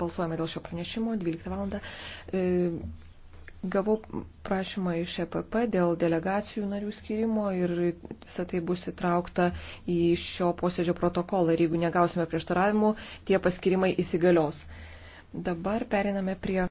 balsuojame dėl šio pranešimo 12 valandą. E, gavau prašymą iš EPP dėl delegacijų narių skirimo ir visą tai bus įtraukta į šio posėdžio protokolą ir jeigu negausime prieštaravimų, tie paskirimai įsigalios. Dabar periname prie